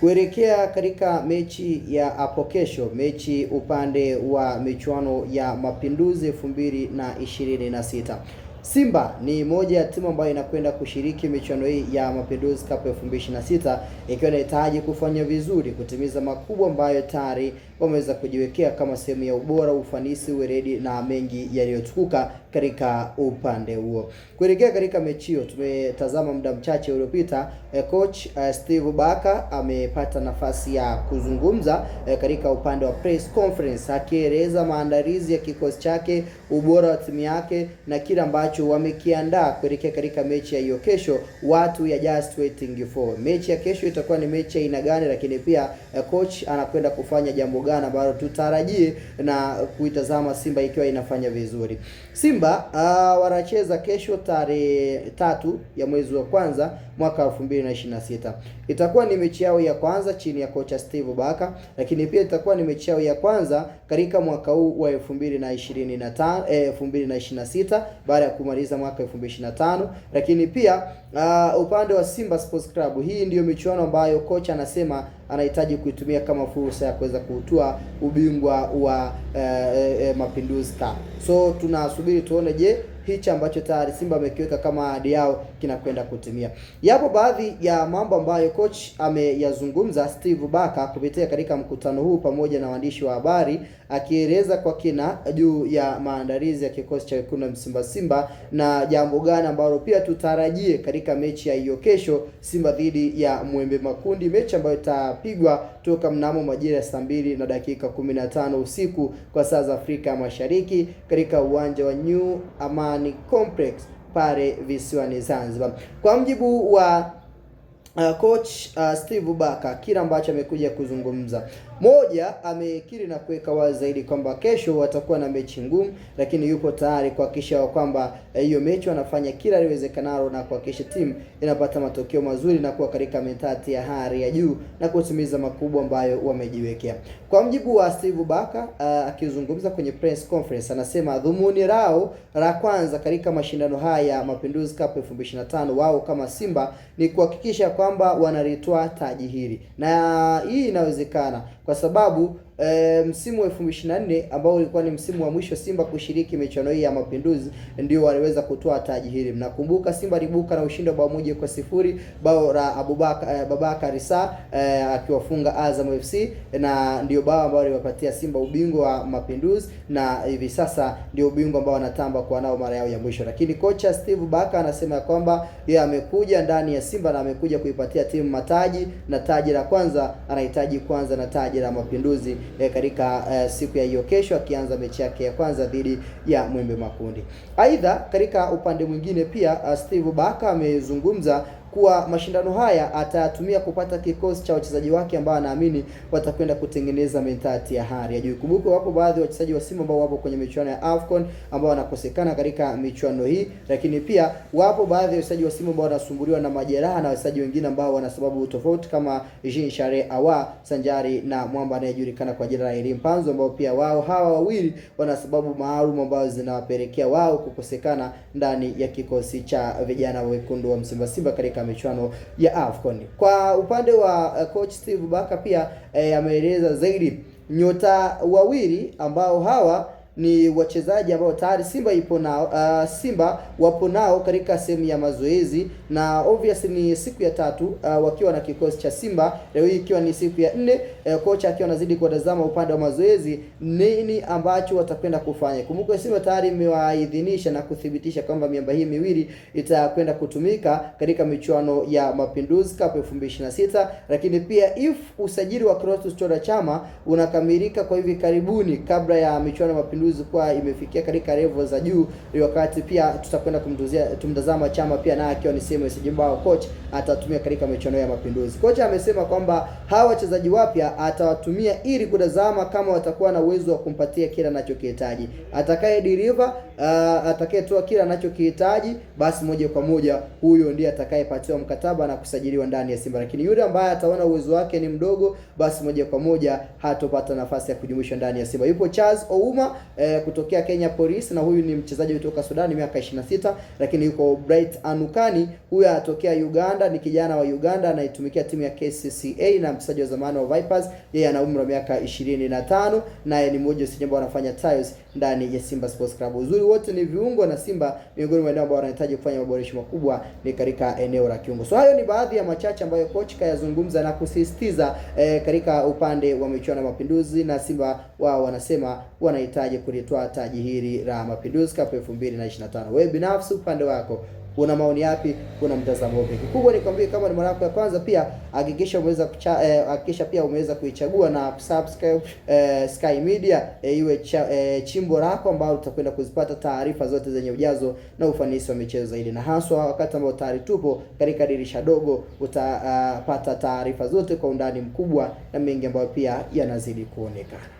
kuelekea katika mechi ya hapo kesho, mechi upande wa michuano ya Mapinduzi elfu mbili na ishirini na sita. Simba ni moja ya timu ambayo inakwenda kushiriki michuano hii ya Mapinduzi Cup 2026 ikiwa inahitaji kufanya vizuri, kutimiza makubwa ambayo tayari wameweza kujiwekea kama sehemu ya ubora, ufanisi, weredi na mengi yaliyotukuka katika upande huo. Kuelekea katika mechi hiyo, tumetazama muda mchache uliopita eh, coach eh, Steve Baka amepata nafasi ya kuzungumza eh, katika upande wa press conference akieleza maandalizi ya kikosi chake, ubora wa timu yake na kila ambacho ambacho wamekiandaa kuelekea katika mechi ya hiyo kesho. Watu ya just waiting for mechi ya kesho itakuwa ni mechi ya aina gani, lakini pia eh, coach anakwenda kufanya jambo gani ambalo tutarajie na kuitazama Simba ikiwa inafanya vizuri. Simba uh, wanacheza kesho tarehe tatu ya mwezi wa kwanza mwaka 2026. Itakuwa ni mechi yao ya kwanza chini ya kocha Steve Baka, lakini pia itakuwa ni mechi yao ya kwanza katika mwaka huu wa 2025 2026 eh, baada ya kumaliza mwaka 2025, lakini pia uh, upande wa Simba Sports Club, hii ndiyo michuano ambayo kocha anasema anahitaji kuitumia kama fursa ya kuweza kutua ubingwa wa uh, uh, Mapinduzi Cup. So tunasubiri tuone, je hichi ambacho tayari Simba amekiweka kama ahadi yao kinakwenda kutimia. Yapo baadhi ya mambo ambayo coach ameyazungumza Steve Baka kupitia katika mkutano huu pamoja na waandishi wa habari, akieleza kwa kina juu ya maandalizi ya kikosi cha wekundu wa Msimba Simba na jambo gani ambalo pia tutarajie katika mechi ya hiyo kesho, Simba dhidi ya Mwembe Makundi, mechi ambayo itapigwa toka mnamo majira ya saa mbili na dakika 15 usiku kwa saa za Afrika Mashariki katika uwanja wa New Amani Complex pale visiwani Zanzibar. Kwa mjibu wa uh, coach uh, Steve Baka kila ambacho amekuja kuzungumza moja amekiri na kuweka wazi zaidi kwamba kesho watakuwa na mechi ngumu, lakini yuko tayari kuhakikisha kwamba eh, hiyo mechi wanafanya kila liwezekanalo na kuhakikisha timu inapata matokeo mazuri na kuwa katika mentati ya hali ya juu na kutimiza makubwa ambayo wamejiwekea. Kwa mjibu wa Steve Baka uh, eh, akizungumza kwenye press conference, anasema dhumuni lao la kwanza katika mashindano haya ya Mapinduzi Cup 2025 wao kama Simba ni kuhakikisha kwamba wanalitoa taji hili na hii inawezekana kwa sababu E, msimu wa 2024 ambao ulikuwa ni msimu wa mwisho Simba kushiriki michuano hii ya Mapinduzi ndio waliweza kutoa taji hili. Mnakumbuka Simba alibuka na ushindi wa bao moja kwa sifuri, bao la Abubakar eh, Babakar Sa e, eh, akiwafunga Azam FC na ndio bao ambao aliwapatia Simba ubingwa wa Mapinduzi na hivi sasa ndio ubingwa ambao wanatamba kwa nao mara yao ya mwisho. Lakini kocha Steve Baka anasema kwamba yeye amekuja ndani ya Simba na amekuja kuipatia timu mataji na taji la kwanza anahitaji kwanza na taji la Mapinduzi e, katika e, siku ya hiyo kesho, akianza mechi yake ya kwanza dhidi ya Mwembe Makundi. Aidha, katika upande mwingine pia eh, Steve Baka amezungumza kuwa mashindano haya atatumia kupata kikosi cha wachezaji wake ambao anaamini watakwenda kutengeneza mentati ya hali ya juu. Kumbuke wapo baadhi ya wachezaji wa Simba ambao wapo kwenye michuano ya AFCON ambao wanakosekana katika michuano hii, lakini pia wapo baadhi ya wachezaji wa Simba ambao wanasumbuliwa na majeraha na wachezaji wengine ambao wana sababu tofauti kama Jean Share Awa sanjari na mwamba anayejulikana kwa jina la Elim Panzo, ambao pia wao hawa wawili wana sababu maalum ambazo zinawapelekea wao kukosekana ndani ya kikosi cha vijana wekundu wa Msimba Simba katika michuano ya AFCON. Kwa upande wa uh, coach Steve Baka pia eh, ameeleza zaidi nyota wawili ambao hawa ni wachezaji ambao tayari Simba ipo nao, uh, Simba wapo nao katika sehemu ya mazoezi na obviously ni siku ya tatu uh, wakiwa na kikosi cha Simba leo hii ikiwa ni siku ya nne, uh, kocha akiwa anazidi kuwatazama upande wa mazoezi nini ambacho watakwenda kufanya. Kumbuka Simba tayari imewaidhinisha na kuthibitisha kwamba miamba hii miwili itakwenda kutumika katika michuano ya Mapinduzi Cup 2026 lakini pia if usajili wa Clatous Chama unakamilika kwa hivi karibuni kabla ya michuano ya Mapinduzi Mapinduzi kuwa imefikia katika level za juu, ni wakati pia tutakwenda kumduzia tumtazama Chama pia naye akiwa ni sehemu ya bao coach atatumia katika michuano ya Mapinduzi. Kocha amesema kwamba hawa wachezaji wapya atawatumia ili kutazama kama watakuwa na uwezo wa kumpatia kila anachokihitaji, atakaye deliver uh, atakayetoa kila anachokihitaji, basi moja kwa moja huyo ndiye atakayepatiwa mkataba na kusajiliwa ndani ya Simba, lakini yule ambaye ataona uwezo wake ni mdogo, basi moja kwa moja hatopata nafasi ya kujumuishwa ndani ya Simba. Yupo Charles Ouma eh, kutokea Kenya Police, na huyu ni mchezaji kutoka Sudan, miaka 26, lakini yuko Bright Anukani, huyu anatokea Uganda, ni kijana wa Uganda anaitumikia timu ya KCCA na mchezaji wa zamani wa Vipers. Yeye ana umri wa miaka 25, naye ni mmoja wa ambao anafanya trials ndani ya Simba Sports Club. Uzuri wote ni viungo na Simba miongoni mwa eneo ambao wanahitaji kufanya maboresho makubwa ni katika eneo la kiungo. So hayo ni baadhi ya machache ambayo coach kayazungumza na kusisitiza eh, katika upande wa michuano ya Mapinduzi, na Simba wao wanasema wanahitaji kulitoa taji hili la Mapinduzi Cup 2025. Wewe binafsi upande wako una maoni yapi? Kuna mtazamo upi? Kikubwa nikwambie, kama ni mara yako ya kwanza, pia hakikisha umeweza eh, hakikisha eh, pia umeweza kuichagua na subscribe eh, Sky Media eh, iwe cha, eh, chimbo lako ambao utakwenda kuzipata taarifa zote zenye ujazo na ufanisi wa michezo zaidi, na haswa wakati ambao tayari tupo katika dirisha dogo, utapata uh, taarifa zote kwa undani mkubwa na mengi ambayo pia yanazidi kuonekana.